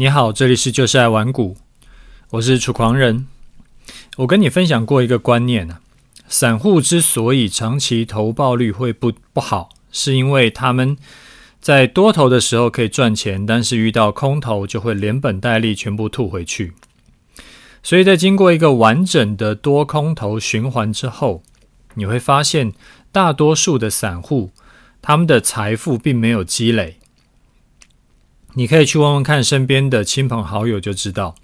你好，這裡是就是愛玩股，我是楚狂人。我跟你分享過一個觀念啊，散戶之所以長期投報率會不不好，是因為他們在多頭的時候可以賺錢，但是遇到空頭就會連本帶利全部吐回去。所以在經過一個完整的多空頭循環之後，你會發現大多數的散戶他們的財富並沒有積累。你可以去問問看身邊的親朋好友，就知道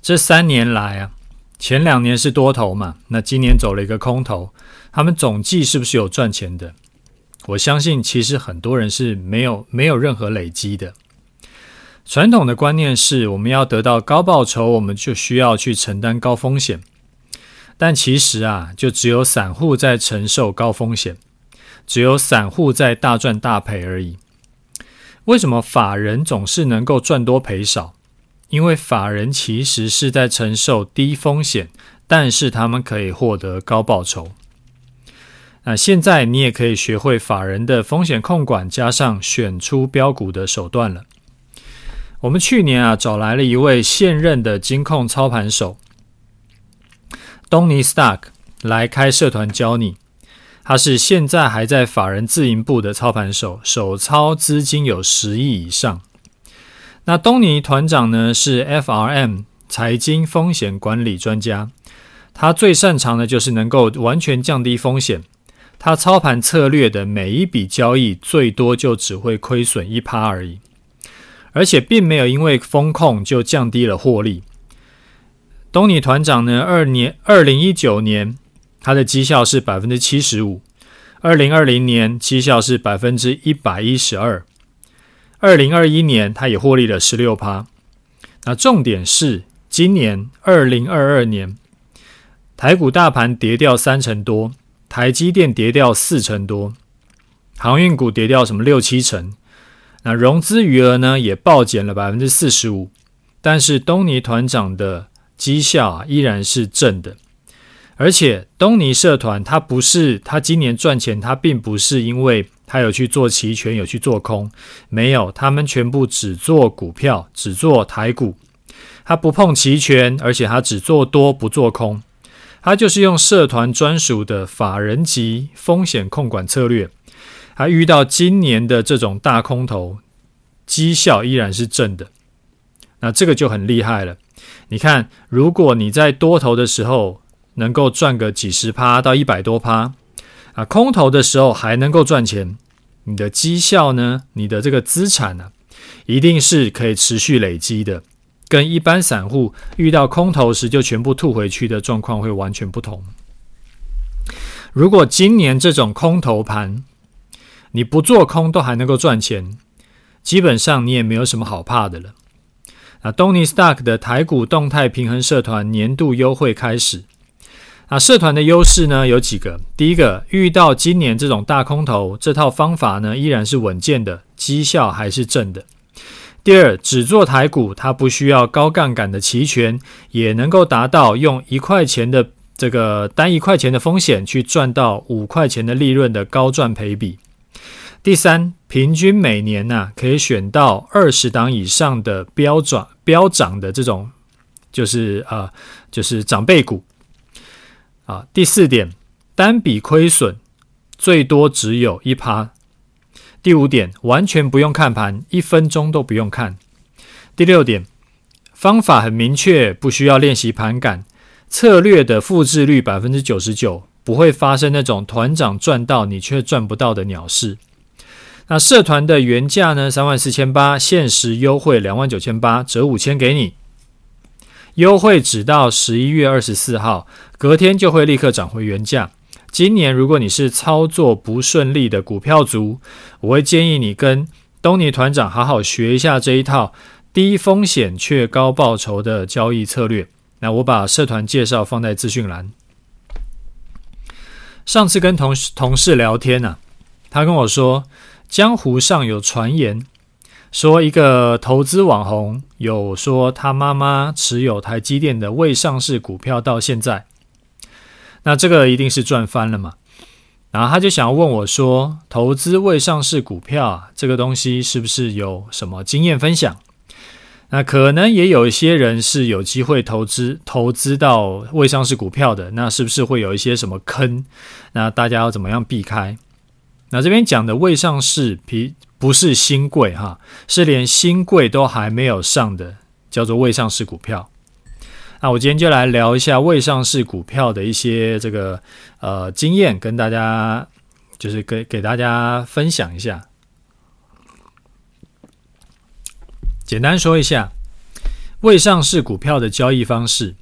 這三年來啊，前兩年是多頭嘛，那今年走了一個空頭，他們總計是不是有賺錢的？我相信其實很多人是沒有沒有任何累積的。傳統的觀念是，我們要得到高報酬，我們就需要去承擔高風險。但其實啊，就只有散戶在承受高風險，只有散戶在大賺大賠而已。為什麼法人總是能夠賺多賠少？因為法人其實是在承受低風險，但是他們可以獲得高報酬。那、啊、現在你也可以學會法人的風險控管，加上選出標股的手段了。我們去年啊，找來了一位現任的金控操盤手，東尼 Stock 來開社團教你。他是現在還在法人自營部的操盤手，手操資金有十億以上。那東尼團長呢，是 FRM，財經風險管理專家，他最擅長的就是能夠完全降低風險。他操盤策略的每一筆交易最多就只會虧損一趴而已，而且並沒有因為風控就降低了獲利。東尼團長呢，二年二零一九年。它的績效是百分之七十五，二零二零年績效是百分之一百一十二，二零二一年它也獲利了十六趴。那重點是今年二零二二年，台股大盤跌掉三成多，台積電跌掉四成多，航運股跌掉什麼六七成，那融資餘額呢也暴減了百分之四十五，但是東尼團長的績效啊依然是正的。而且東尼社團，他不是他今年賺錢，他並不是因為他有去做期權，有去做空，沒有，他們全部只做股票，只做台股，他不碰期權，而且他只做多不做空，他就是用社團專屬的法人級風險控管策略，他遇到今年的這種大空頭，績效依然是正的，那這個就很厲害了。你看，如果你在多頭的時候，能夠賺個幾十趴到一百多趴啊，空頭的時候還能夠賺錢，你的績效呢，你的這個資產呢、啊，一定是可以持續累積的，跟一般散戶遇到空頭時就全部吐回去的狀況會完全不同。如果今年這種空頭盤你不做空都還能夠賺錢，基本上你也沒有什麼好怕的了。啊，東尼 Stock 的台股動態平衡社團年度優惠開始。啊，社團的優勢呢有幾個？第一個，遇到今年這種大空頭，這套方法呢依然是穩健的，績效還是正的。第二，只做台股，它不需要高槓桿的期權，也能夠達到用一塊錢的這個單一塊錢的風險去賺到五塊錢的利潤的高賺賠比。第三，平均每年呢、啊、可以選到二十檔以上的飆漲飆漲的這種，就是啊、呃，就是漲倍股。啊，第四點，單筆虧損最多只有一趴。第五點，完全不用看盤，一分鐘都不用看。第六點，方法很明確，不需要練習盤感，策略的複製率百分之九十九，不會發生那種團長賺到你卻賺不到的鳥事。那社團的原價呢？三萬四千八，限時優惠兩萬九千八，折五千給你。優惠只到十一月二十四號，隔天就會立刻漲回原價。今年如果你是操作不順利的股票族，我會建議你跟東尼團長好好學一下這一套低風險卻高報酬的交易策略。那我把社團介紹放在資訊欄。上次跟同事同事聊天呢、啊，他跟我說江湖上有傳言。說一個投資網紅有說，他媽媽持有台積電的未上市股票到現在，那這個一定是賺翻了嘛。然後他就想要問我說，投資未上市股票啊，這個東西是不是有什麼經驗分享？那可能也有一些人是有機會投資投資到未上市股票的，那是不是會有一些什麼坑？那大家要怎麼樣避開？那這邊講的未上市，不是興櫃哈，是連興櫃都還沒有上的，叫做未上市股票。那我今天就來聊一下未上市股票的一些這個呃經驗，跟大家就是給給大家分享一下。簡單說一下未上市股票的交易方式，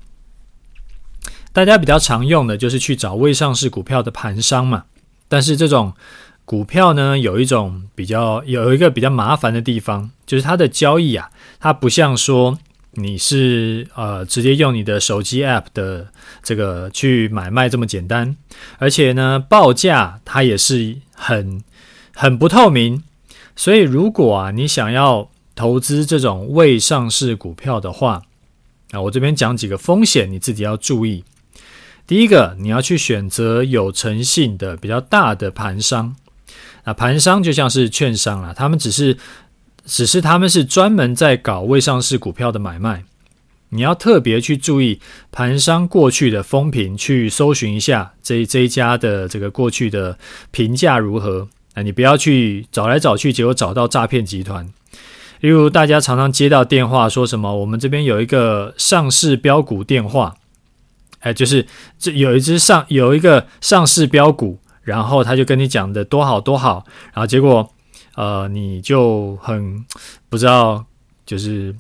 大家比較常用的，就是去找未上市股票的盤商嘛。但是這種。股票呢，有一種比較有一個比較麻煩的地方，就是它的交易啊，它不像說你是呃直接用你的手機 app 的這個去買賣這麼簡單，而且呢報價它也是很很不透明，所以如果啊你想要投資這種未上市股票的話，那、啊、我這邊講幾個風險，你自己要注意。第一個，你要去選擇有誠信的比較大的盤商。那盤商就像是券商啦，他們只是，只是他們是專門在搞未上市股票的買賣。你要特別去注意盤商過去的風評，去搜尋一下這這一家的這個過去的評價如何。那你不要去找來找去，結果找到詐騙集團。例如大家常常接到電話說什麼，我們這邊有一個上市標股電話，哎、欸，就是這有一隻上有一個上市標股。然後他就跟你講的多好多好，然後結果，呃，你就很不知道，就是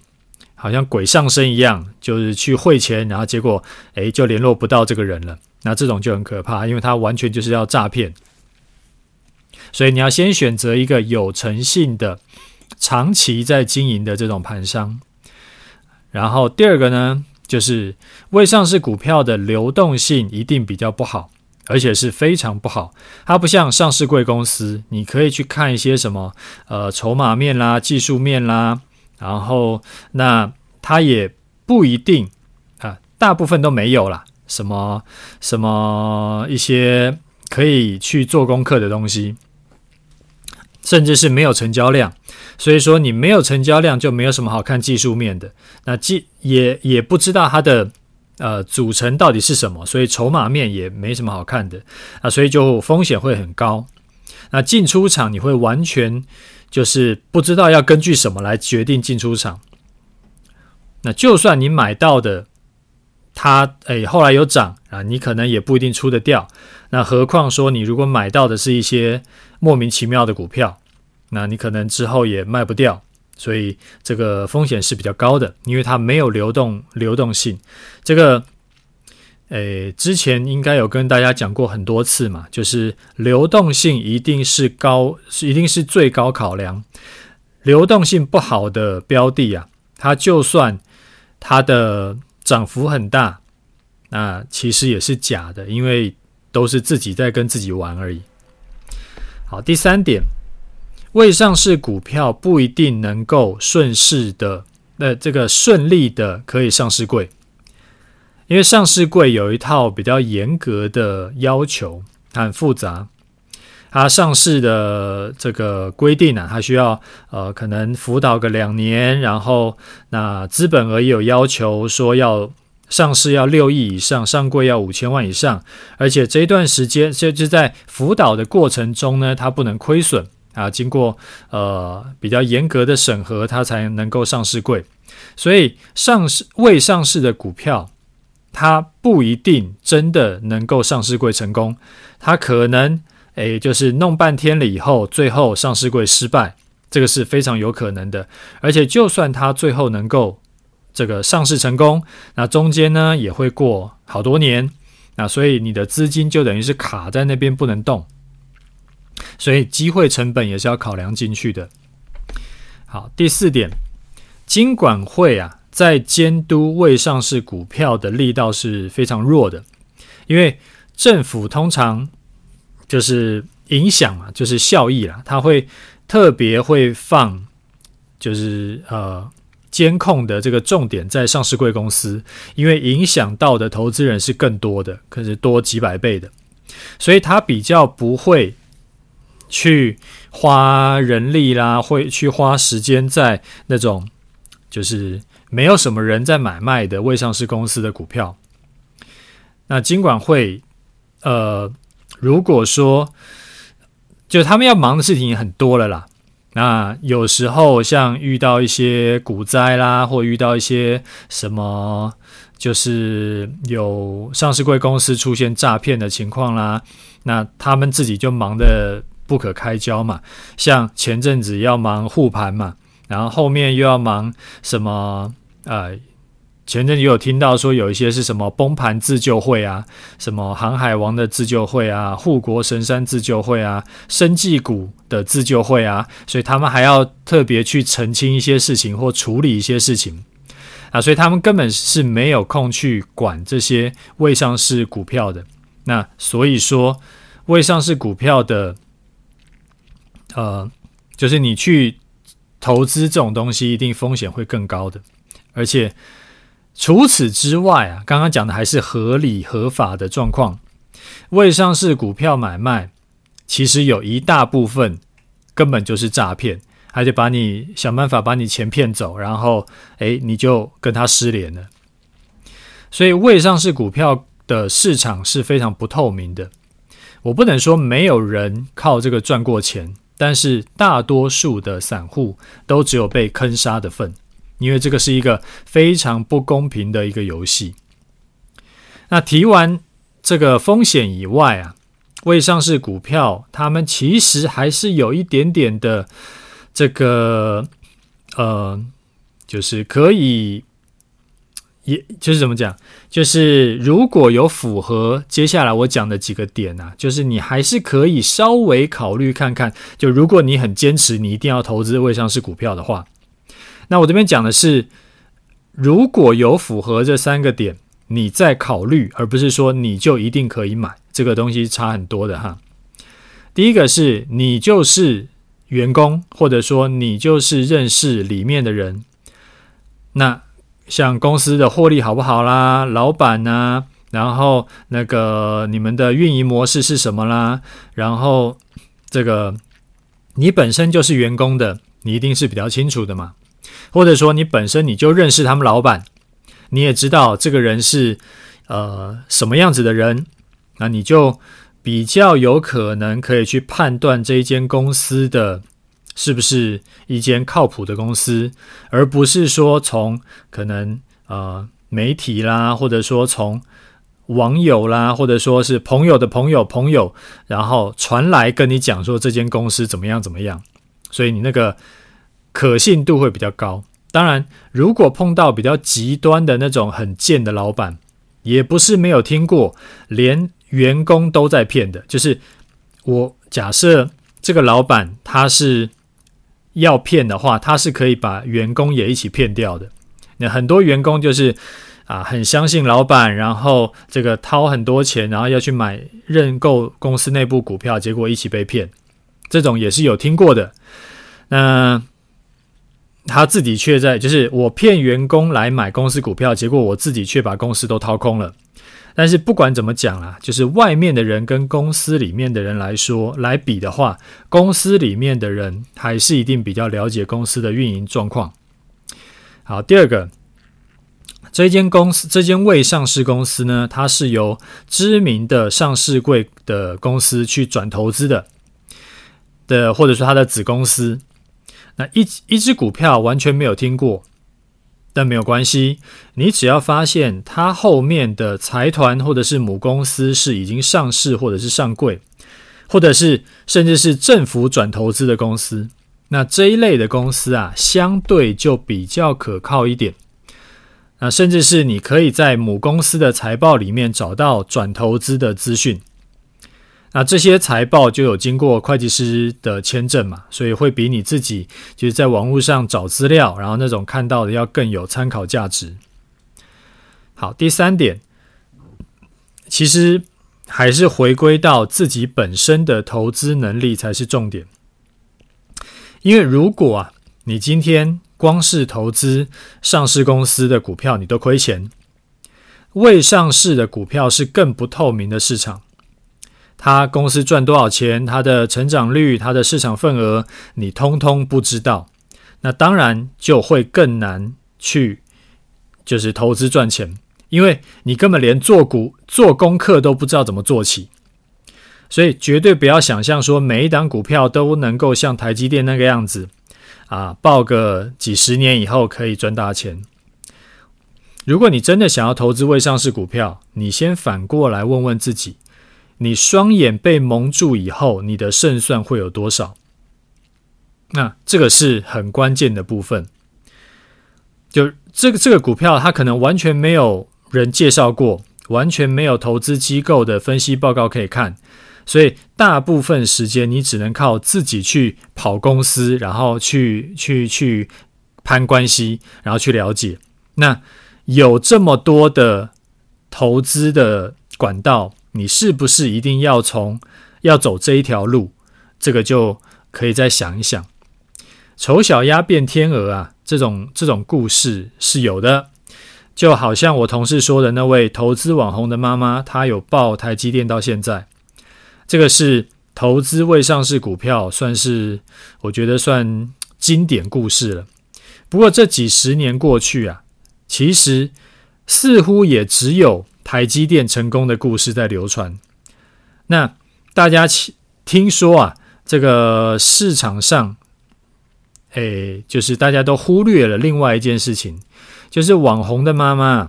好像鬼上身一樣，就是去匯錢，然後結果，哎，就聯絡不到這個人了。那這種就很可怕，因為他完全就是要詐騙。所以你要先選擇一個有誠信的、長期在經營的這種盤商。然後第二個呢，就是未上市股票的流動性一定比較不好。而且是非常不好，它不像上市櫃公司，你可以去看一些什麼，呃，籌碼面啦、技術面啦，然後那它也不一定啊，大部分都沒有啦，什麼什麼一些可以去做功課的東西，甚至是沒有成交量，所以說你沒有成交量就沒有什麼好看技術面的，那技也也不知道它的。呃，組成到底是什麼？所以籌碼面也沒什麼好看的啊，所以就風險會很高。那進出場你會完全就是不知道要根據什麼來決定進出場。那就算你買到的，它，哎，後來有漲啊，你可能也不一定出得掉。那何況說你如果買到的是一些莫名其妙的股票，那你可能之後也賣不掉。所以這個風險是比較高的，因為它沒有流動流動性。這個，呃，之前應該有跟大家講過很多次嘛，就是流動性一定是高，是一定是最高考量。流動性不好的標的啊，它就算它的漲幅很大，那其實也是假的，因為都是自己在跟自己玩而已。好，第三點。未上市股票不一定能夠順勢的，那、呃、這個順利的可以上市櫃，因為上市櫃有一套比較嚴格的要求，很複雜。它上市的這個規定啊，它需要呃，可能輔導個兩年，然後那資本額也有要求，說要上市要六億以上，上櫃要五千萬以上，而且這一段時間就是在輔導的過程中呢，它不能虧損。啊，經過呃比較嚴格的審核，它才能夠上市櫃。所以上市未上市的股票，它不一定真的能夠上市櫃成功。它可能誒，就是弄半天了以後，最後上市櫃失敗，這個是非常有可能的。而且，就算它最後能夠這個上市成功，那中間呢也會過好多年。那所以你的資金就等於是卡在那邊不能動。所以機會成本也是要考量進去的。好，第四點，金管會啊，在監督未上市股票的力道是非常弱的，因為政府通常就是影響嘛、啊，就是效益啦，它會特別會放，就是呃監控的這個重點在上市櫃公司，因為影響到的投資人是更多的，可是多幾百倍的，所以它比較不會，去花人力啦，會去花時間在那種就是沒有什麼人在買賣的未上市公司的股票。那金管會，呃，如果說就他們要忙的事情也很多了啦。那有時候像遇到一些股災啦，或遇到一些什麼，就是有上市櫃公司出現詐騙的情況啦，那他們自己就忙的。不可開交嘛，像前陣子要忙護盤嘛，然後後面又要忙什麼？呃，前陣子有聽到說有一些是什麼崩盤自救會啊，什麼航海王的自救會啊，護國神山自救會啊，生技股的自救會啊，所以他們還要特別去澄清一些事情或處理一些事情啊，所以他們根本是沒有空去管這些未上市股票的。那所以說，未上市股票的。呃，就是你去投資這種東西，一定風險會更高的。而且除此之外啊，剛剛講的還是合理合法的狀況。未上市股票買賣，其實有一大部分根本就是詐騙，還得把你想辦法把你錢騙走，然後哎，你就跟他失聯了。所以未上市股票的市場是非常不透明的。我不能說沒有人靠這個賺過錢。但是大多數的散戶都只有被坑殺的份，因為這個是一個非常不公平的一個遊戲。那提完這個風險以外啊，未上市股票他們其實還是有一點點的這個呃，就是可以。也就是怎麼講？就是如果有符合接下來我講的幾個點啊，就是你還是可以稍微考慮看看。就如果你很堅持，你一定要投資未上市股票的話，那我這邊講的是，如果有符合這三個點，你再考慮，而不是說你就一定可以買。這個東西差很多的哈。第一個是你就是員工，或者說你就是認識裡面的人，那。像公司的獲利好不好啦，老闆吶、啊，然後那個你們的運營模式是什麼啦，然後這個你本身就是員工的，你一定是比較清楚的嘛，或者說你本身你就認識他們老闆，你也知道這個人是呃什麼樣子的人，那你就比較有可能可以去判斷這一間公司的。是不是一間靠譜的公司，而不是說，從可能呃媒體啦，或者說從網友啦，或者說是朋友的朋友朋友，然後傳來跟你講說這間公司怎麼樣怎麼樣，所以你那個可信度會比較高。當然，如果碰到比較極端的那種很賤的老闆，也不是沒有聽過，連員工都在騙的，就是我假設這個老闆他是，要騙的話，他是可以把員工也一起騙掉的。那很多員工就是啊，很相信老闆，然後這個掏很多錢，然後要去買認購公司內部股票，結果一起被騙。這種也是有聽過的。那他自己卻在，就是我騙員工來買公司股票，結果我自己卻把公司都掏空了。但是不管怎麼講啦、啊，就是外面的人跟公司裡面的人來說來比的話，公司裡面的人還是一定比較了解公司的運營狀況。好，第二個，這間公司這間未上市公司呢，它是由知名的上市櫃的公司去轉投資的，的或者說它的子公司，那一一只股票完全沒有聽過。但沒有關係，你只要發現它後面的財團或者是母公司是已經上市或者是上櫃，或者是甚至是政府轉投資的公司，那這一類的公司啊，相對就比較可靠一點。啊，甚至是你可以在母公司的財報裡面找到轉投資的資訊。那這些財報就有經過會計師的簽證嘛，所以會比你自己就是在網絡上找資料，然後那種看到的要更有參考價值。好，第三點，其實還是回歸到自己本身的投資能力才是重點，因為如果啊，你今天光是投資上市公司的股票，你都虧錢，未上市的股票是更不透明的市場。他公司賺多少錢？他的成長率、他的市場份額，你通通不知道，那當然就會更難去，就是投資賺錢，因為你根本連做股、做功課都不知道怎麼做起。所以絕對不要想象說每一檔股票都能夠像台積電那個樣子，啊，抱個幾十年以後可以賺大錢。如果你真的想要投資未上市股票，你先反過來問問自己。你雙眼被蒙住以後，你的勝算會有多少？那這個是很關鍵的部分。就這個這個股票，它可能完全沒有人介紹過，完全沒有投資機構的分析報告可以看，所以大部分時間你只能靠自己去跑公司，然後去去去攀關係，然後去了解。那有這麼多的投資的管道。你是不是一定要從要走這一條路？這個就可以再想一想。醜小鴨變天鵝啊，這種這種故事是有的。就好像我同事說的那位投資網紅的媽媽，她有抱台積電到現在。這個是投資未上市股票，算是我覺得算經典故事了。不過這幾十年過去啊，其實似乎也只有。台積電成功的故事在流傳，那大家其聽說啊，這個市場上，誒、欸，就是大家都忽略了另外一件事情，就是網紅的媽媽，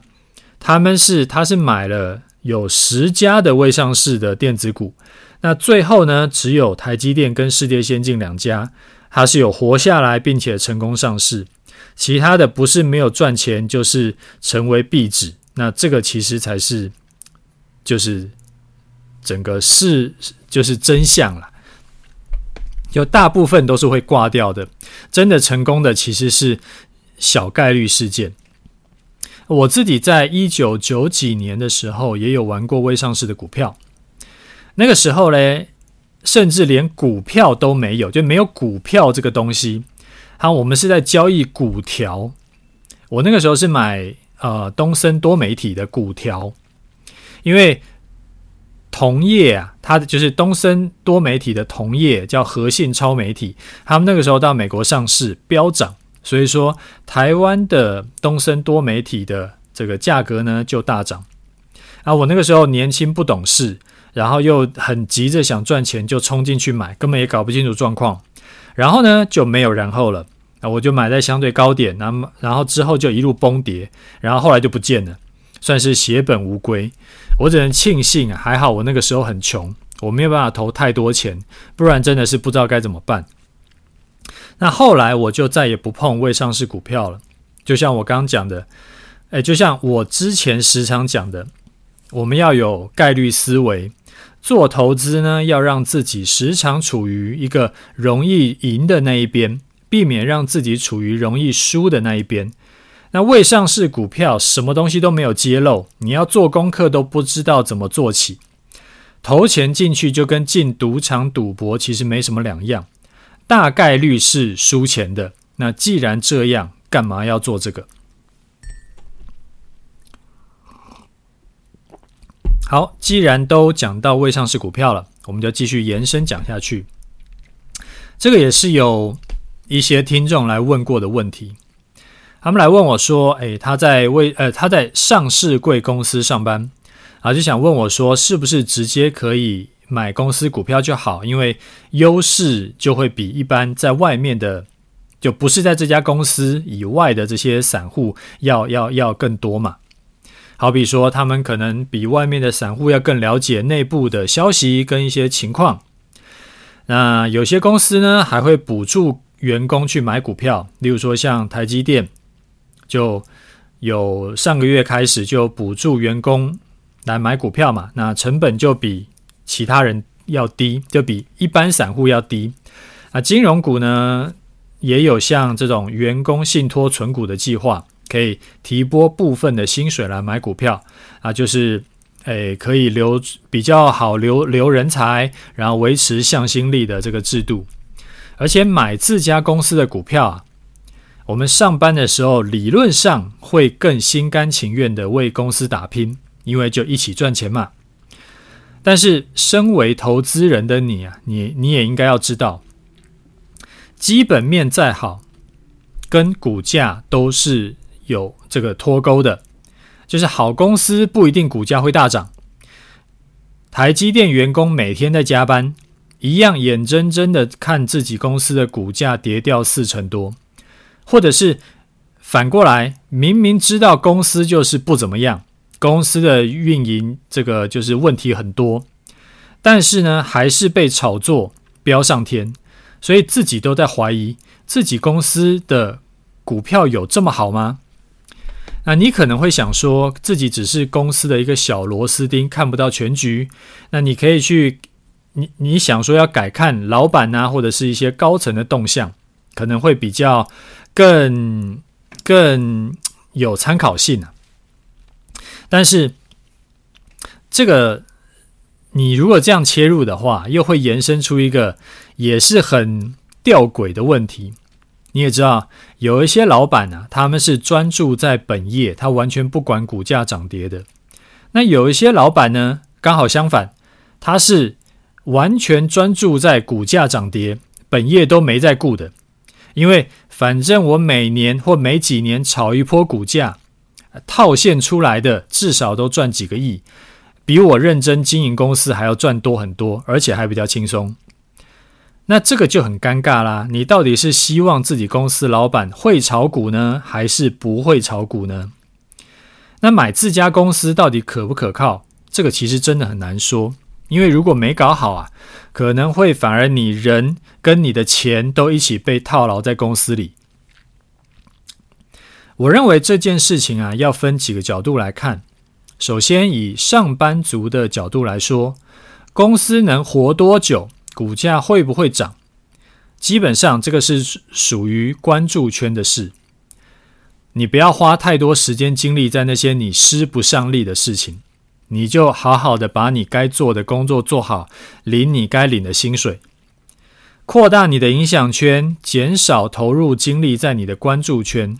他們是他是買了有十家的未上市的電子股，那最後呢，只有台積電跟世界先進兩家，它是有活下來並且成功上市，其他的不是沒有賺錢，就是成為壁紙。那這個其實才是，就是整個事就是真相了。就大部分都是會掛掉的，真的成功的其實是小概率事件。我自己在一九九幾年的時候也有玩過未上市的股票，那個時候呢，甚至連股票都沒有，就沒有股票這個東西。好，我們是在交易股條。我那個時候是買。呃，東森多媒體的股票，因為同業啊，它的就是東森多媒體的同業叫和信超媒體，他們那個時候到美國上市飆漲，所以說台灣的東森多媒體的這個價格呢，就大漲。啊，我那個時候年輕不懂事，然後又很急着想賺錢，就衝進去買，根本也搞不清楚狀況，然後呢就沒有然後了。我就買在相對高點，那麼然後之後就一路崩跌，然後後來就不見了，算是血本無歸。我只能慶幸還好我那個時候很窮，我沒有辦法投太多錢，不然真的是不知道該怎麼辦。那後來我就再也不碰未上市股票了，就像我剛剛講的，哎，就像我之前時常講的，我們要有概率思維，做投資呢，要讓自己時常處於一個容易贏的那一邊。避免讓自己處於容易輸的那一邊。那未上市股票，什麼東西都沒有揭露，你要做功課都不知道怎麼做起，投錢進去就跟進賭場賭博其實沒什麼兩樣，大概率是輸錢的。那既然這樣，幹嘛要做這個？好，既然都講到未上市股票了，我們就繼續延伸講下去。這個也是有一些聽眾來問過的問題，他們來問我說：“誒、哎，他在為呃，他在上市櫃公司上班啊，就想問我說，是不是直接可以買公司股票就好？因為優勢就會比一般在外面的，就不是在這家公司以外的這些散戶要要要更多嘛？好比說，他們可能比外面的散戶要更了解內部的消息跟一些情況。那有些公司呢，還會補助。”員工去買股票，例如說像台積電，就有上個月開始就補助員工來買股票嘛，那成本就比其他人要低，就比一般散戶要低。啊，金融股呢也有像這種員工信托存股的計劃，可以提撥部分的薪水來買股票啊，就是誒、哎、可以留比較好留留人才，然後維持向心力的這個制度。而且買自家公司的股票啊，我們上班的時候理論上會更心甘情願的為公司打拼，因為就一起賺錢嘛。但是，身為投資人的你啊，你你也應該要知道，基本面再好，跟股價都是有這個脫鈎的。就是好公司不一定股價會大漲。台積電員工每天在加班。一樣眼睜睜的看自己公司的股價跌掉四成多，或者是反過來，明明知道公司就是不怎麼樣，公司的運營這個就是問題很多，但是呢，還是被炒作飆上天，所以自己都在懷疑自己公司的股票有這麼好嗎？那你可能會想說自己只是公司的一個小螺絲釘，看不到全局。那你可以去。你你想說要改看老闆吶、啊，或者是一些高層的動向，可能會比較更更有參考性啊。但是這個你如果這樣切入的話，又會延伸出一個也是很吊詭的問題。你也知道，有一些老闆呢、啊，他們是專注在本業，他完全不管股價漲跌的。那有一些老闆呢，剛好相反，他是。完全專注在股價漲跌，本業都沒在顧的，因為反正我每年或每幾年炒一波股價，套現出來的至少都賺幾個億，比我認真經營公司還要賺多很多，而且還比較輕鬆。那這個就很尷尬啦，你到底是希望自己公司老闆會炒股呢，還是不會炒股呢？那買自家公司到底可不可靠？這個其實真的很難說。因為如果沒搞好啊，可能會反而你人跟你的錢都一起被套牢在公司裡。我認為這件事情啊，要分幾個角度來看。首先，以上班族的角度來說，公司能活多久，股價會不會漲，基本上這個是屬於關注圈的事。你不要花太多時間精力在那些你使不上力的事情。你就好好的把你該做的工作做好，領你該領的薪水，擴大你的影響圈，減少投入精力在你的關注圈。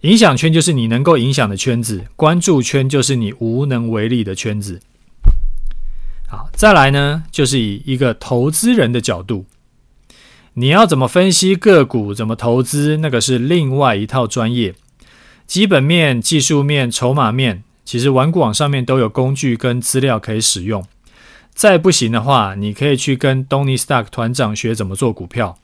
影響圈就是你能夠影響的圈子，關注圈就是你無能為力的圈子。好，再來呢，就是以一個投資人的角度，你要怎麼分析個股，怎麼投資，那個是另外一套專業，基本面、技術面、籌碼面。其實，玩股網上面都有工具跟資料可以使用。再不行的話，你可以去跟東尼 Stock 團長學怎麼做股票。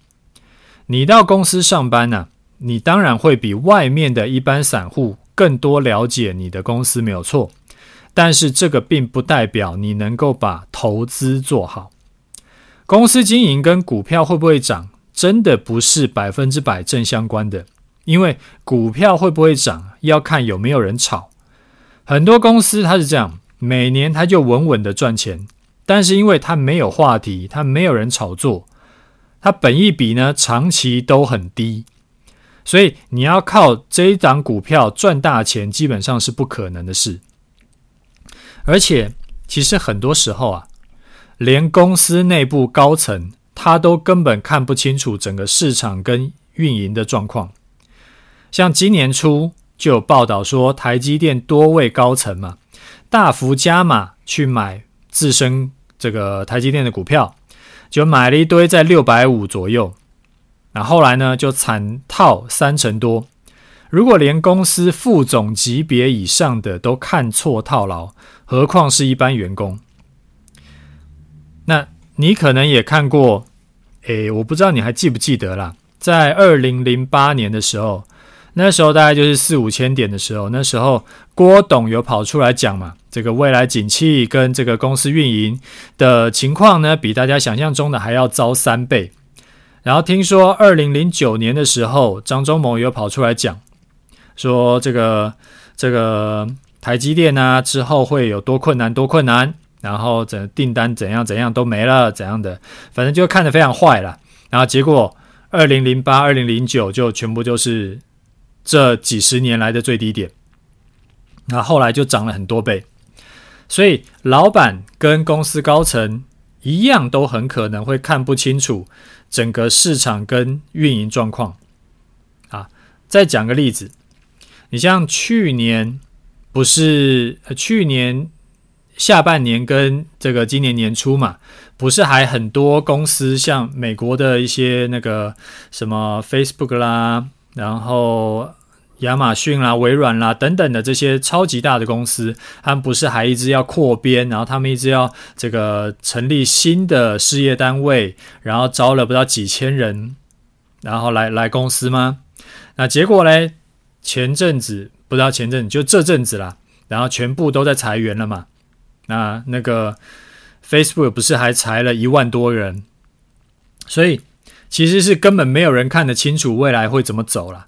你到公司上班呢、啊，你當然會比外面的一般散戶更多了解你的公司，沒有錯。但是，這個並不代表你能夠把投資做好。公司經營跟股票會不會漲，真的不是百分之百正相關的。因為股票會不會漲，要看有沒有人炒。很多公司它是這樣，每年它就穩穩的賺錢，但是因為它沒有話題，它沒有人炒作，它本益比呢長期都很低，所以你要靠這一檔股票賺大錢，基本上是不可能的事。而且其實很多時候啊，連公司內部高層他都根本看不清楚整個市場跟運營的狀況，像今年初。就有報道說，台積電多位高層嘛，大幅加碼去買自身這個台積電的股票，就買了一堆在六百五左右。那後來呢，就慘套三成多。如果連公司副總級別以上的都看錯套牢，何況是一般員工？那你可能也看過，誒，我不知道你還記不記得啦，在二零零八年的時候。那時候大概就是四五千點的時候，那時候郭董有跑出來講嘛，這個未來景氣跟這個公司運營的情況呢，比大家想象中的還要糟三倍。然後聽說二零零九年的時候，張忠謀有跑出來講，說這個這個台積電啊，之後會有多困難多困難，然後整訂單怎樣怎樣都沒了怎樣的，反正就看得非常壞了。然後結果二零零八二零零九就全部就是。這幾十年來的最低點，那後來就漲了很多倍，所以老闆跟公司高層一樣，都很可能會看不清楚整個市場跟運營狀況。啊，再講個例子，你像去年不是去年下半年跟這個今年年初嘛，不是還很多公司像美國的一些那個什麼 Facebook 啦，然後。亞馬遜啦、啊、微軟啦、啊、等等的這些超級大的公司，他們不是還一直要擴編，然後他們一直要這個成立新的事業單位，然後招了不知道幾千人，然後來來公司嗎？那結果呢？前陣子不知道前陣子就這陣子啦，然後全部都在裁員了嘛？那那個 Facebook 不是還裁了一萬多人？所以其實是根本沒有人看得清楚未來會怎麼走啦。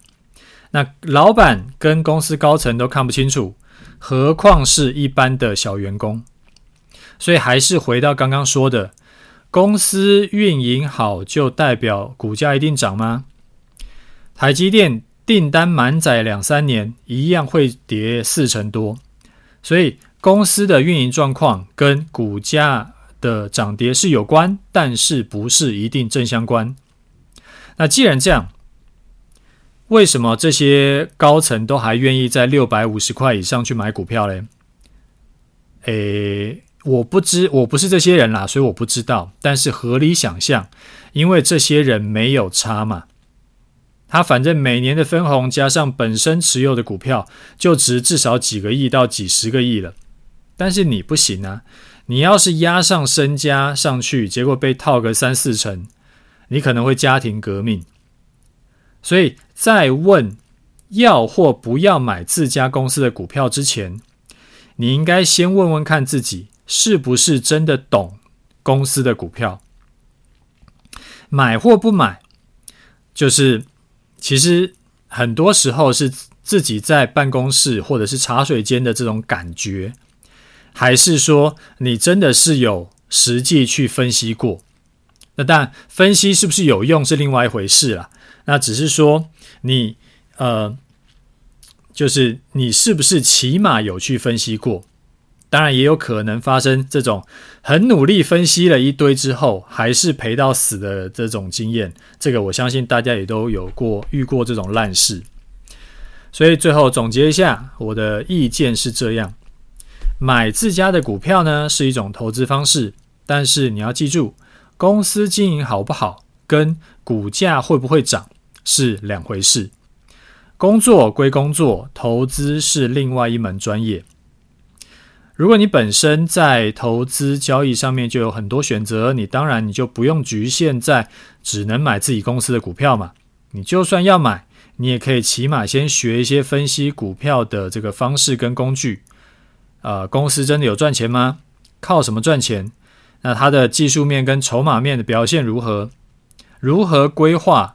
那老闆跟公司高層都看不清楚，何況是一般的小員工。所以還是回到剛剛說的，公司運營好就代表股價一定漲嗎？台積電訂單滿載兩三年，一樣會跌四成多。所以公司的運營狀況跟股價的漲跌是有關，但是不是一定正相關。那既然這樣。為什麼這些高層都還願意在六百五十塊以上去買股票呢？誒，我不知我不是這些人啦，所以我不知道。但是合理想象，因為這些人沒有差嘛，他反正每年的分紅加上本身持有的股票，就值至少幾個億到幾十個億了。但是你不行啊，你要是壓上身家上去，結果被套個三四成，你可能會家庭革命。所以。在問要或不要買自家公司的股票之前，你應該先問問看自己是不是真的懂公司的股票。買或不買，就是其實很多時候是自己在辦公室或者是茶水間的這種感覺，還是說你真的是有實際去分析過？那當然，分析是不是有用是另外一回事了啊。那只是說。你呃，就是你是不是起碼有去分析過？當然，也有可能發生這種很努力分析了一堆之後，還是賠到死的這種經驗。這個我相信大家也都有過，遇過這種爛事。所以最後總結一下，我的意見是這樣：買自家的股票呢，是一種投資方式，但是你要記住，公司經營好不好，跟股價會不會漲。是兩回事，工作歸工作，投資是另外一門專業。如果你本身在投資交易上面就有很多選擇，你當然你就不用局限在只能買自己公司的股票嘛。你就算要買，你也可以起碼先學一些分析股票的這個方式跟工具。啊、呃，公司真的有賺錢嗎？靠什麼賺錢？那它的技術面跟籌碼面的表現如何？如何規劃？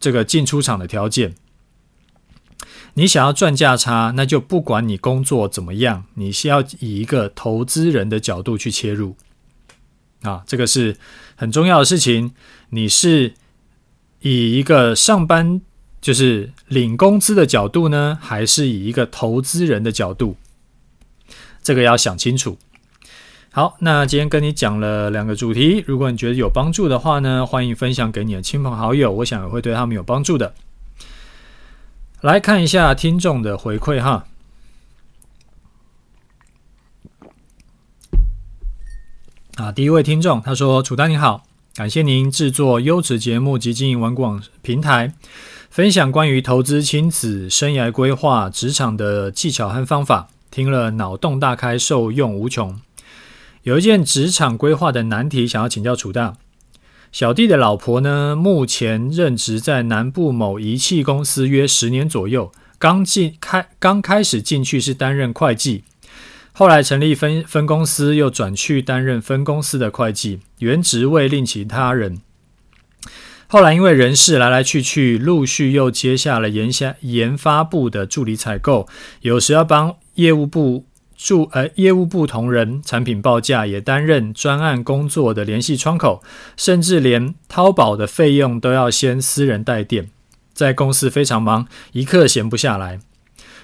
這個進出場的條件，你想要賺價差，那就不管你工作怎麼樣，你是要以一個投資人的角度去切入，啊，這個是很重要的事情。你是以一個上班就是領工資的角度呢，還是以一個投資人的角度？這個要想清楚。好，那今天跟你講了兩個主題。如果你覺得有幫助的話呢，歡迎分享給你的親朋好友，我想也會對他們有幫助的。來看一下聽眾的回饋哈。啊，第一位聽眾他說：“楚丹你好，感謝您制作優質節目及經營網廣平台，分享關於投資、親子、生涯規劃、職場的技巧和方法，聽了腦洞大開，受用無窮。”有一件職場規劃的難題，想要請教楚大。小弟的老婆呢，目前任職在南部某儀器公司約十年左右。剛進開剛開始進去是擔任會計，後來成立分分公司，又轉去擔任分公司的會計，原職位另其他人。後來因為人事來來去去，陸續又接下了研下研發部的助理採購，有時要幫業務部。住呃業務部同仁，產品報價，也擔任專案工作的聯繫窗口，甚至連淘寶的費用都要先私人代墊。在公司非常忙，一刻閒不下來。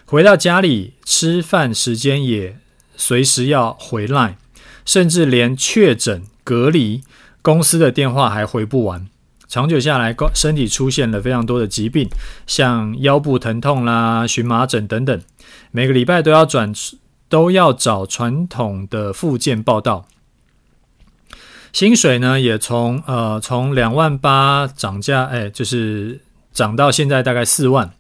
回到家裡吃飯時間也隨時要回來，甚至連確診隔離，公司的電話還回不完。長久下來，身體出現了非常多的疾病，像腰部疼痛啦、蕁麻疹等等，每個禮拜都要轉。都要找傳統的附件報道，薪水呢也從呃從兩萬八漲價，哎，就是漲到現在大概四萬。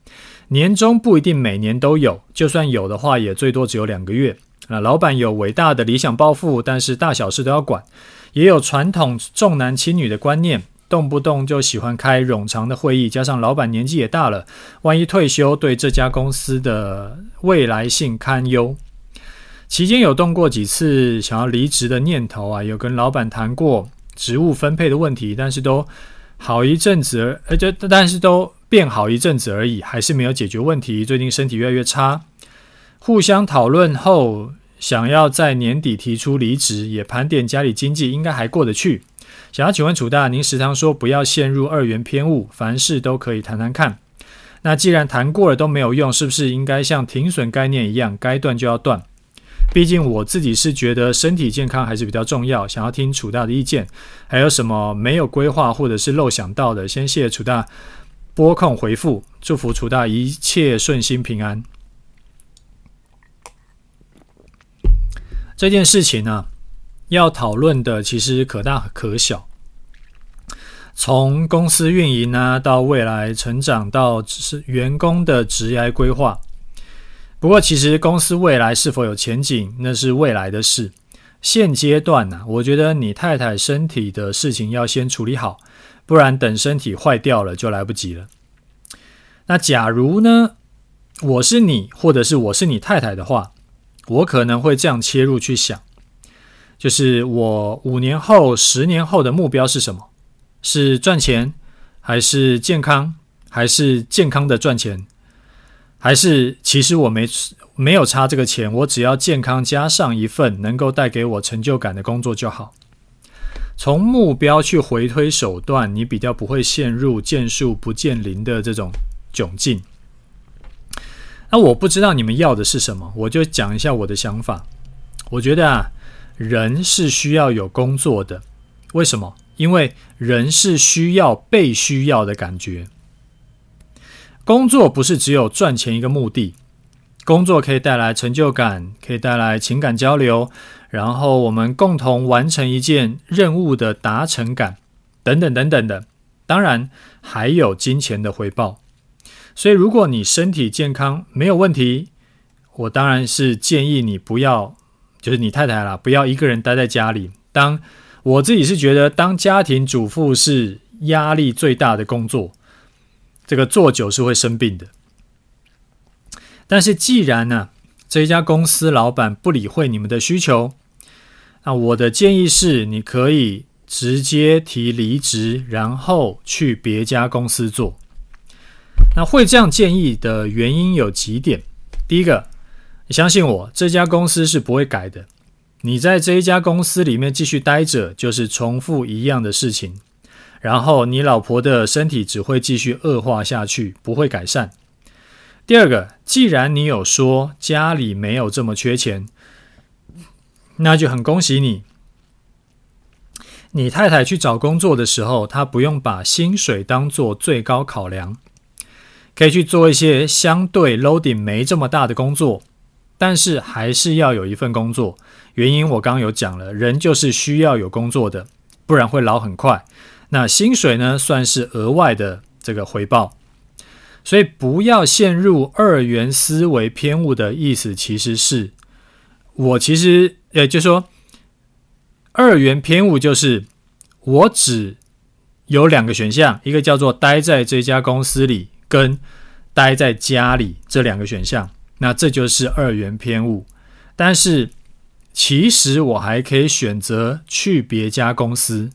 年終不一定每年都有，就算有的話，也最多只有兩個月。那、啊、老板有偉大的理想抱負，但是大小事都要管，也有傳統重男輕女的觀念，動不動就喜歡開冗長的會議，加上老板年紀也大了，萬一退休，對這家公司的未來性堪憂。期間有動過幾次想要離職的念頭啊，有跟老板談過職務分配的問題，但是都好一陣子而而且、呃、但是都變好一陣子而已，還是沒有解決問題。最近身體越來越差，互相討論後想要在年底提出離職，也盤點家裡經濟應該還過得去。想要請問楚大，您時常說不要陷入二元偏誤，凡事都可以談談看。那既然談過了都沒有用，是不是應該像停損概念一樣，該斷就要斷？畢竟我自己是覺得身體健康還是比較重要，想要聽楚大的意見，還有什麼沒有規劃或者是漏想到的，先謝楚大撥空回復，祝福楚大一切順心平安。這件事情呢、啊，要討論的其實可大可小，從公司運營啊，到未來成長，到只是員工的職涯規劃。不過，其實公司未來是否有前景，那是未來的事。現階段呢、啊，我覺得你太太身體的事情要先處理好，不然等身體壞掉了就來不及了。那假如呢，我是你，或者是我是你太太的話，我可能會這樣切入去想，就是我五年後、十年後的目標是什麼？是賺錢，還是健康，還是健康的賺錢？還是，其實我沒沒有差這個錢，我只要健康加上一份能夠帶給我成就感的工作就好。從目標去回推手段，你比較不會陷入見樹不見林的這種窘境。那、啊、我不知道你們要的是什麼？我就講一下我的想法。我覺得啊，人是需要有工作的，為什麼？因為人是需要被需要的感覺。工作不是只有賺錢一個目的，工作可以帶來成就感，可以帶來情感交流，然後我們共同完成一件任務的達成感，等等等等的，當然還有金錢的回報。所以，如果你身體健康沒有問題，我當然是建議你不要，就是你太太啦，不要一個人待在家裡。當我自己是覺得，當家庭主婦是壓力最大的工作。這個做久是會生病的，但是既然呢、啊，這一家公司老板不理會你們的需求，那我的建議是，你可以直接提離職，然後去別家公司做。那會這樣建議的原因有幾點：第一個，你相信我，這家公司是不會改的。你在這一家公司裡面繼續待着，就是重複一樣的事情。然後你老婆的身體只會繼續惡化下去，不會改善。第二個，既然你有說家裡沒有這麼缺錢，那就很恭喜你。你太太去找工作的時候，她不用把薪水當作最高考量，可以去做一些相對 loading 沒這麼大的工作，但是還是要有一份工作。原因我剛剛有講了，人就是需要有工作的，不然會老很快。那薪水呢，算是額外的這個回報，所以不要陷入二元思維偏誤的意思，其實是我其實也就是說二元偏誤就是我只有兩個選項，一個叫做待在這家公司裡，跟待在家裡這兩個選項，那這就是二元偏誤。但是其實我還可以選擇去別家公司。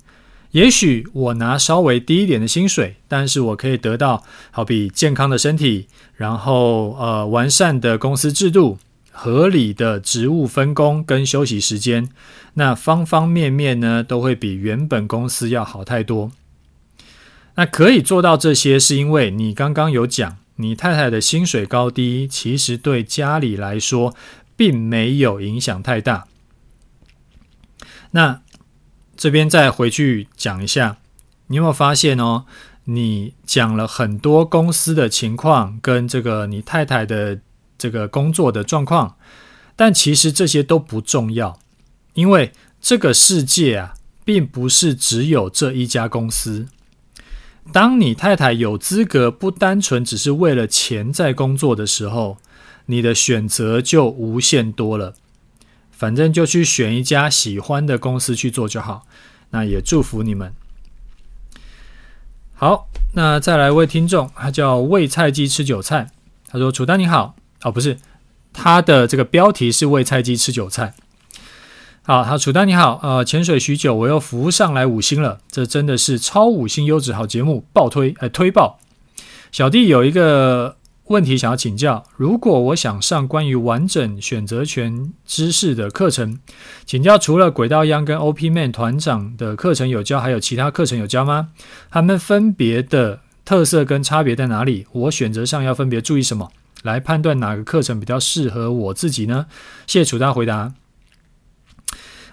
也許我拿稍微低一點的薪水，但是我可以得到好比健康的身體，然後呃完善的公司制度、合理的職務分工跟休息時間，那方方面面呢都會比原本公司要好太多。那可以做到這些，是因為你剛剛有講，你太太的薪水高低其實對家裡來說並沒有影響太大。那這邊再回去講一下，你有沒有發現哦，你講了很多公司的情況跟這個你太太的這個工作的狀況，但其實這些都不重要，因為這個世界啊，並不是只有這一家公司。當你太太有資格不單純只是為了錢在工作的時候，你的選擇就無限多了。反正就去選一家喜歡的公司去做就好，那也祝福你們。好，那再來一位聽眾，他叫餵菜雞吃韭菜，他說：“楚丹你好，哦，不是，他的這個標題是餵菜雞吃韭菜。”好，他說楚丹你好，呃，潛水許久，我又浮上來五星了，這真的是超五星優質好節目，爆推，呃，推爆！小弟有一個。問題想要請教，如果我想上關於完整選擇權知識的課程，請教除了軌道央跟 OP Man 團長的課程有教，還有其他課程有教嗎？他們分別的特色跟差別在哪裡？我選擇上要分別注意什麼，來判斷哪個課程比較適合我自己呢？謝謝楚大回答。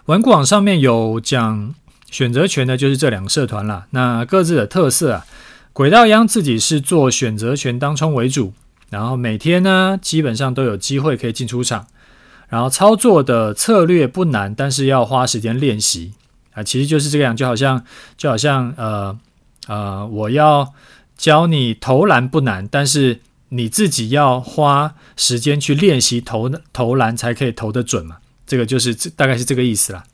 文廣上面有講選擇權的，就是這兩個社團啦。那各自的特色啊，軌道央自己是做選擇權當沖為主。然後每天呢，基本上都有機會可以進出場。然後操作的策略不難，但是要花時間練習啊，其實就是這個樣，就好像就好像呃呃，我要教你投籃不難，但是你自己要花時間去練習投投籃，才可以投得準嘛。這個就是大概是這個意思啦。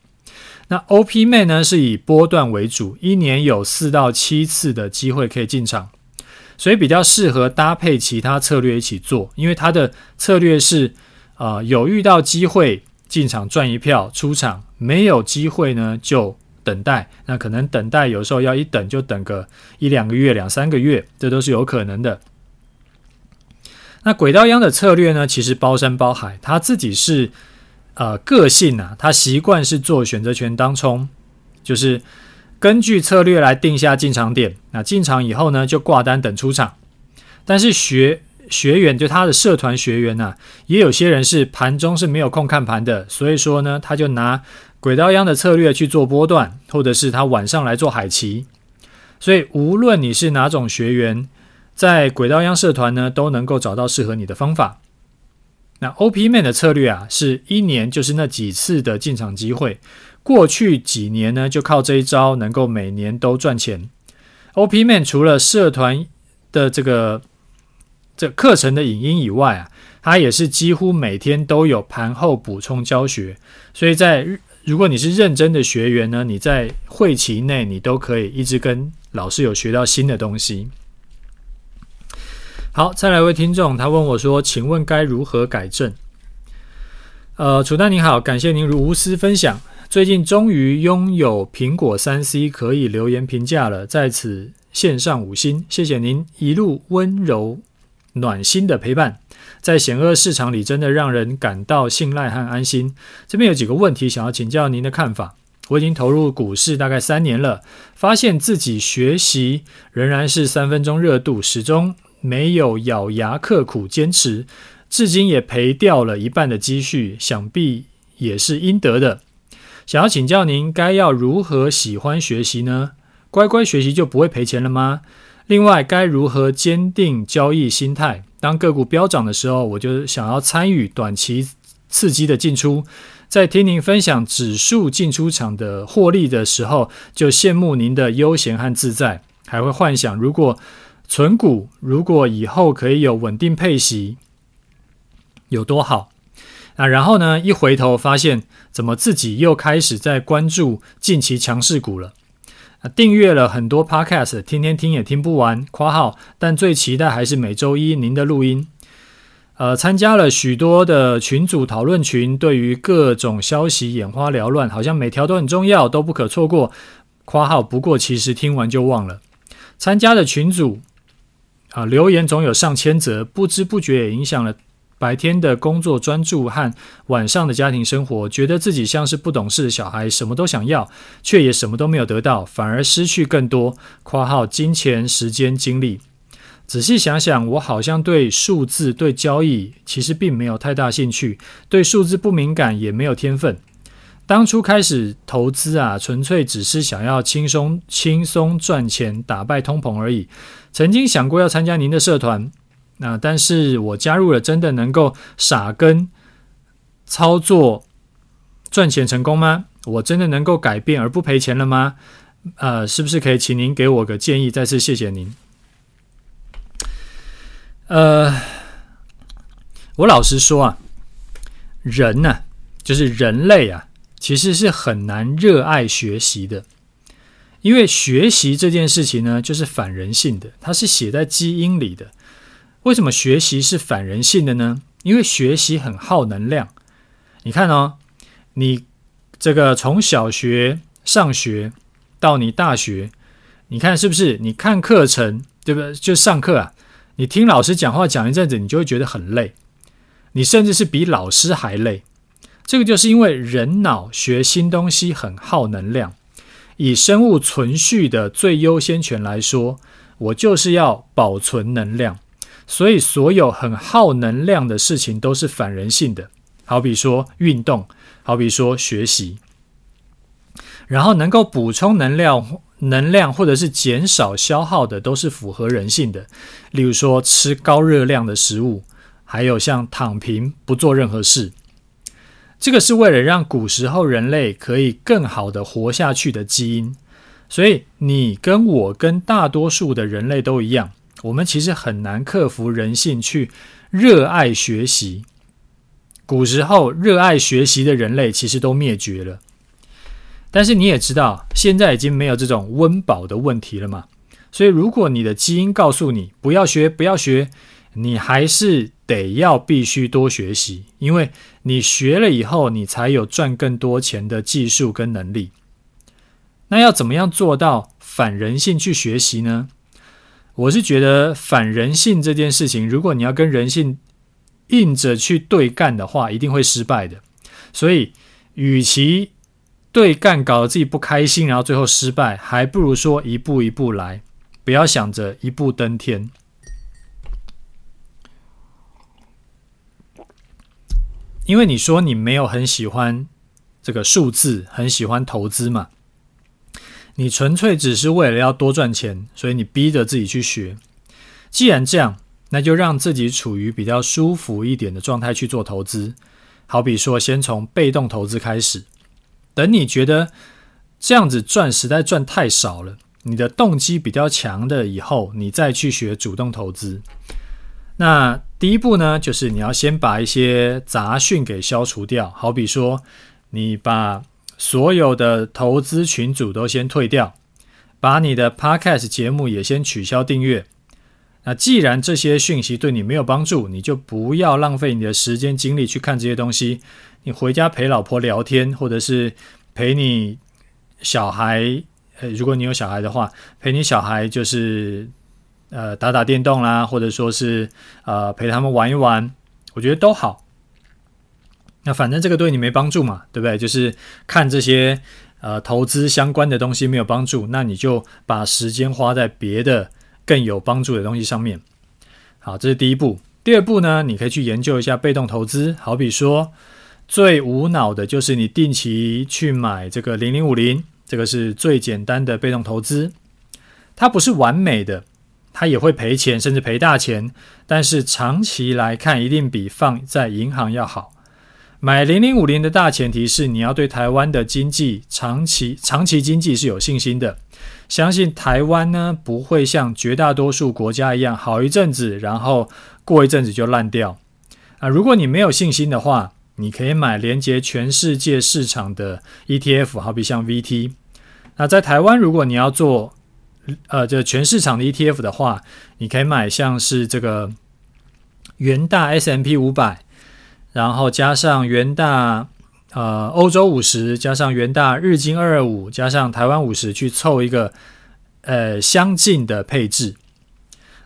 那 OPMate 呢，是以波段為主，一年有四到七次的機會可以進場。所以比較適合搭配其他策略一起做，因為他的策略是，啊、呃，有遇到機會進場賺一票，出場沒有機會呢就等待。那可能等待有時候要一等就等個一兩個月，兩三個月，這都是有可能的。那鬼道央的策略呢，其實包山包海，他自己是啊、呃，個性啊，他習慣是做選擇權當沖，就是。根據策略來定下進場點，那進場以後呢，就掛單等出場。但是學學員就他的社團學員呢、啊，也有些人是盤中是沒有空看盤的，所以說呢，他就拿軌道央的策略去做波段，或者是他晚上來做海期。所以無論你是哪種學員，在軌道央社團呢，都能夠找到適合你的方法。那 OP Man 的策略啊，是一年就是那幾次的進場機會。過去幾年呢，就靠這一招能夠每年都賺錢。OP Man 除了社團的這個這課程的影音以外啊，他也是幾乎每天都有盤後補充教學。所以在如果你是認真的學員呢，你在會期內你都可以一直跟老師有學到新的東西。好，再來一位聽眾，他問我說：“請問該如何改正？”呃，楚大您好，感謝您如無私分享。最近終於擁有蘋果 3C，可以留言評價了，在此獻上五星，謝謝您一路溫柔暖心的陪伴，在險惡市場裡，真的讓人感到信賴和安心。這邊有幾個問題想要請教您的看法。我已經投入股市大概三年了，發現自己學習仍然是三分鐘熱度，始終沒有咬牙刻苦堅持，至今也賠掉了一半的積蓄，想必也是應得的。想要請教您，該要如何喜歡學習呢？乖乖學習就不會賠錢了嗎？另外，該如何堅定交易心態？當個股飆漲的時候，我就想要參與短期刺激的進出。在聽您分享指數進出場的獲利的時候，就羨慕您的悠閒和自在，還會幻想如果存股，如果以後可以有穩定配息，有多好。啊，然後呢？一回頭發現，怎麼自己又開始在關注近期強勢股了。啊，訂閱了很多 podcast，天天聽也聽不完。括號，但最期待還是每周一您的錄音。呃，參加了許多的群組討論群，對於各種消息眼花繚亂，好像每條都很重要，都不可錯過。括號，不過其實聽完就忘了。參加的群組，啊，留言總有上千則，不知不覺也影響了。白天的工作專注和晚上的家庭生活，覺得自己像是不懂事的小孩，什麼都想要，卻也什麼都沒有得到，反而失去更多（括號金錢、時間、精力）。仔細想想，我好像對數字、對交易其實並沒有太大興趣，對數字不敏感，也沒有天分。當初開始投資啊，純粹只是想要輕鬆、輕鬆賺錢，打敗通膨而已。曾經想過要參加您的社團。那、呃、但是，我加入了，真的能夠傻跟操作賺錢成功嗎？我真的能夠改變而不賠錢了嗎？呃，是不是可以請您給我個建議？再次謝謝您。呃，我老實說啊，人呢、啊，就是人類啊，其實是很難熱愛學習的，因為學習這件事情呢，就是反人性的，它是寫在基因裡的。為什麼學習是反人性的呢？因為學習很耗能量。你看哦，你這個從小學上學到你大學，你看是不是？你看課程對不對？就上課啊，你聽老師講話講一陣子，你就會覺得很累。你甚至是比老師還累。這個就是因為人腦學新東西很耗能量。以生物存續的最優先權來說，我就是要保存能量。所以，所有很耗能量的事情都是反人性的，好比說運動，好比說學習，然後能夠補充能量、能量或者是減少消耗的，都是符合人性的。例如說吃高熱量的食物，還有像躺平不做任何事，這個是為了讓古時候人類可以更好的活下去的基因。所以，你跟我跟大多數的人類都一樣。我們其實很難克服人性去熱愛學習。古時候熱愛學習的人類其實都滅絕了，但是你也知道，現在已經沒有這種溫飽的問題了嘛。所以，如果你的基因告訴你不要學、不要學，你還是得要必須多學習，因為你學了以後，你才有賺更多錢的技術跟能力。那要怎麼樣做到反人性去學習呢？我是覺得反人性這件事情，如果你要跟人性硬着去對幹的話，一定會失敗的。所以，與其對幹，搞得自己不開心，然後最後失敗，還不如說一步一步來，不要想着一步登天。因為你說你沒有很喜歡這個數字，很喜歡投資嘛。你純粹只是為了要多賺錢，所以你逼着自己去學。既然這樣，那就讓自己處於比較舒服一點的狀態去做投資。好比說，先從被動投資開始。等你覺得這樣子賺實在賺太少了，你的動機比較強的以後，你再去學主動投資。那第一步呢，就是你要先把一些雜訊給消除掉。好比說，你把。所有的投資群組都先退掉，把你的 Podcast 節目也先取消訂閱。那既然這些訊息對你沒有幫助，你就不要浪費你的時間精力去看這些東西。你回家陪老婆聊天，或者是陪你小孩，呃、欸，如果你有小孩的話，陪你小孩就是呃打打電動啦，或者說是呃陪他們玩一玩，我覺得都好。那反正這個對你沒幫助嘛，對不對？就是看這些呃投資相關的東西沒有幫助，那你就把時間花在別的更有幫助的東西上面。好，這是第一步。第二步呢，你可以去研究一下被動投資，好比說最無腦的就是你定期去買這個零零五零，這個是最簡單的被動投資。它不是完美的，它也會賠錢，甚至賠大錢。但是長期來看，一定比放在銀行要好。買零零五零的大前提是，你要對台灣的經濟長期長期經濟是有信心的，相信台灣呢不會像絕大多數國家一樣好一陣子，然後過一陣子就爛掉啊！如果你沒有信心的話，你可以買連接全世界市場的 ETF，好比像 VT。那在台灣，如果你要做呃，這全市場的 ETF 的話，你可以買像是這個元大 S&P 五百。然後加上元大，呃，歐洲五十，加上元大日經二二五，加上台灣五十，去湊一個呃相近的配置。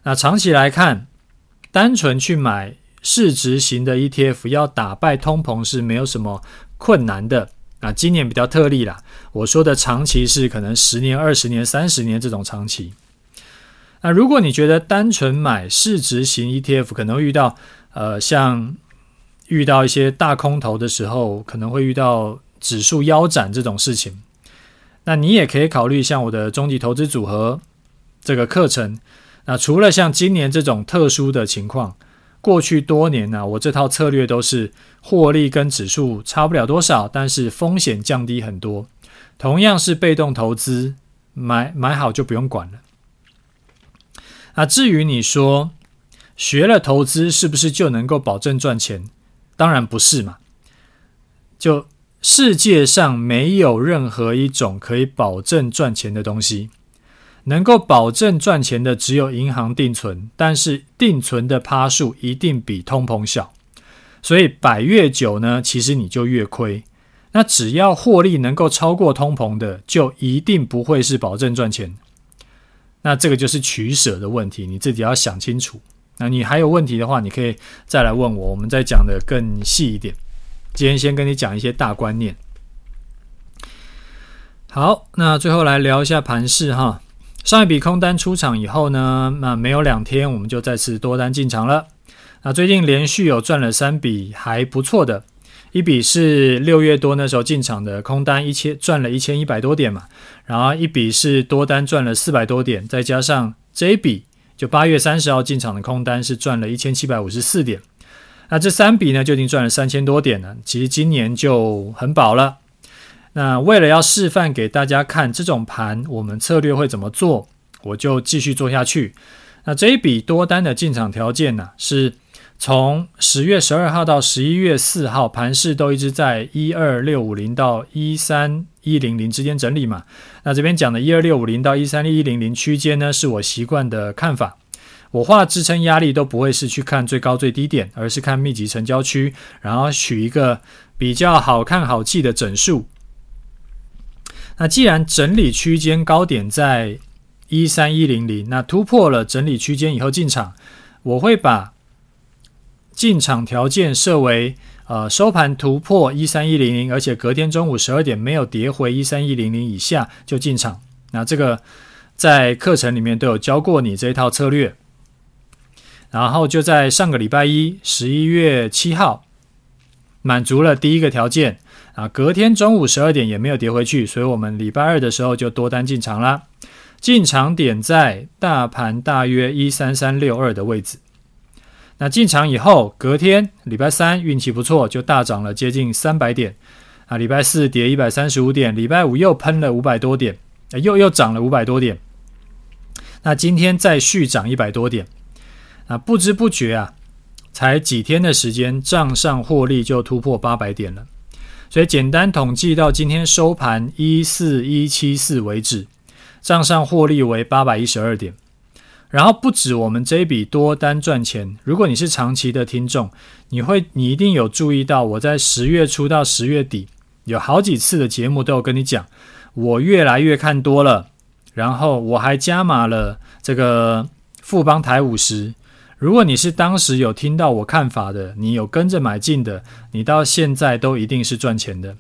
那長期來看，單純去買市值型的 ETF，要打敗通膨，是沒有什麼困難的。那今年比較特例啦，我說的長期是可能十年、二十年、三十年這種長期。那如果你覺得單純買市值型 ETF 可能遇到，呃，像遇到一些大空頭的時候，可能會遇到指數腰斬這種事情。那你也可以考慮像我的終極投資組合這個課程。那除了像今年這種特殊的情況，過去多年呢，啊，我這套策略都是獲利跟指數差不了多少，但是風險降低很多。同樣是被動投資，買買好就不用管了。啊，至於你說學了投資是不是就能夠保證賺錢？當然不是嘛！就世界上沒有任何一種可以保證賺錢的東西，能夠保證賺錢的只有銀行定存，但是定存的趴數一定比通膨小，所以擺越久呢，其實你就越虧。那只要獲利能夠超過通膨的，就一定不會是保證賺錢。那這個就是取捨的問題，你自己要想清楚。那你還有問題的話，你可以再來問我，我們再講得更細一點。今天先跟你講一些大觀念。好，那最後來聊一下盤勢哈。上一筆空單出場以後呢，那沒有兩天，我們就再次多單進場了。那最近連續有賺了三筆，還不錯的。一筆是六月多那時候進場的空單，一千賺了一千一百多點嘛。然後一筆是多單賺了四百多點，再加上這一筆。就八月三十號進場的空單是賺了一千七百五十四點，那這三筆呢，就已經賺了三千多點了。其實今年就很飽了。那為了要示範給大家看這種盤，我們策略會怎麼做，我就繼續做下去。那這一筆多單的進場條件呢、啊，是從十月十二號到十一月四號，盤勢都一直在一二六五零到一三。一零零之間整理嘛，那這邊講的一二六五零到一三一零零區間呢，是我習慣的看法。我畫支撐壓力都不會是去看最高最低點，而是看密集成交區，然後取一個比較好看好記的整數。那既然整理區間高點在一三一零零，那突破了整理區間以後進場，我會把進場條件設為。呃，收盤突破一三一零零，而且隔天中午十二點沒有跌回一三一零零以下就進場。那這個在課程裡面都有教過你這一套策略。然後就在上個禮拜一，十一月七號滿足了第一個條件啊，隔天中午十二點也沒有跌回去，所以我們禮拜二的時候就多單進場啦。進場點在大盤大約一三三六二的位置。那進場以後，隔天禮拜三運氣不錯，就大漲了接近三百點啊！禮拜四跌一百三十五點，禮拜五又噴了五百多點，呃、又又漲了五百多點。那今天再續漲一百多點，啊，不知不覺啊，才幾天的時間，賬上獲利就突破八百點了。所以簡單統計到今天收盤一四一七四為止，賬上獲利為八百一十二點。然後不止，我們這一筆多單賺錢，如果你是長期的聽眾，你會你一定有注意到，我在十月初到十月底有好幾次的節目都有跟你講，我越來越看多了，然後我還加碼了這個富邦台五十。如果你是當時有聽到我看法的，你有跟着買進的，你到現在都一定是賺錢的。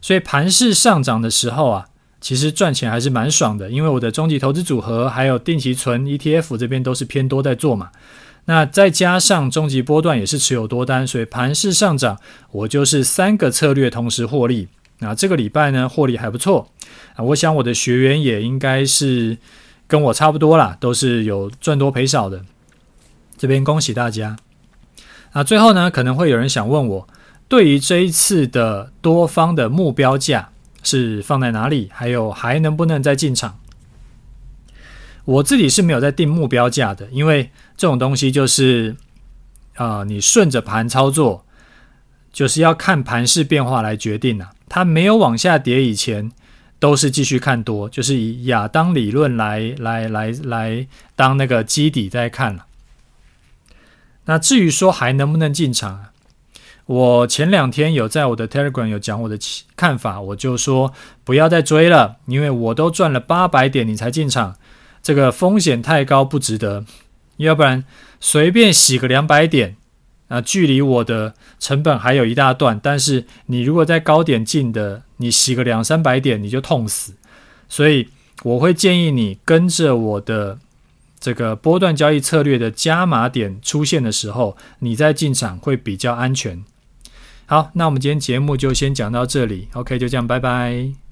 所以盤勢上漲的時候啊。其實賺錢還是蠻爽的，因為我的終極投資組合還有定期存 ETF 這邊都是偏多在做嘛，那再加上終極波段也是持有多單，所以盤勢上漲，我就是三個策略同時獲利。那這個禮拜呢，獲利還不錯啊。我想我的學員也應該是跟我差不多啦，都是有賺多賠少的。這邊恭喜大家啊！那最後呢，可能會有人想問我，對於這一次的多方的目標價。是放在哪裡？還有還能不能再進場？我自己是沒有在定目標價的，因為這種東西就是啊、呃，你順着盤操作，就是要看盤勢變化來決定啊。它沒有往下跌以前，都是繼續看多，就是以亞當理論來來來來當那個基底在看啊。那至於說還能不能進場？我前兩天有在我的 Telegram 有講我的看法，我就說不要再追了，因為我都賺了八百點你才進場，這個風險太高，不值得。要不然隨便洗個兩百點，啊，距離我的成本還有一大段。但是你如果在高點進的，你洗個兩三百點你就痛死。所以我會建議你跟着我的這個波段交易策略的加碼點出現的時候，你再進場會比較安全。好，那我們今天節目就先講到這裡。OK，就這樣，拜拜。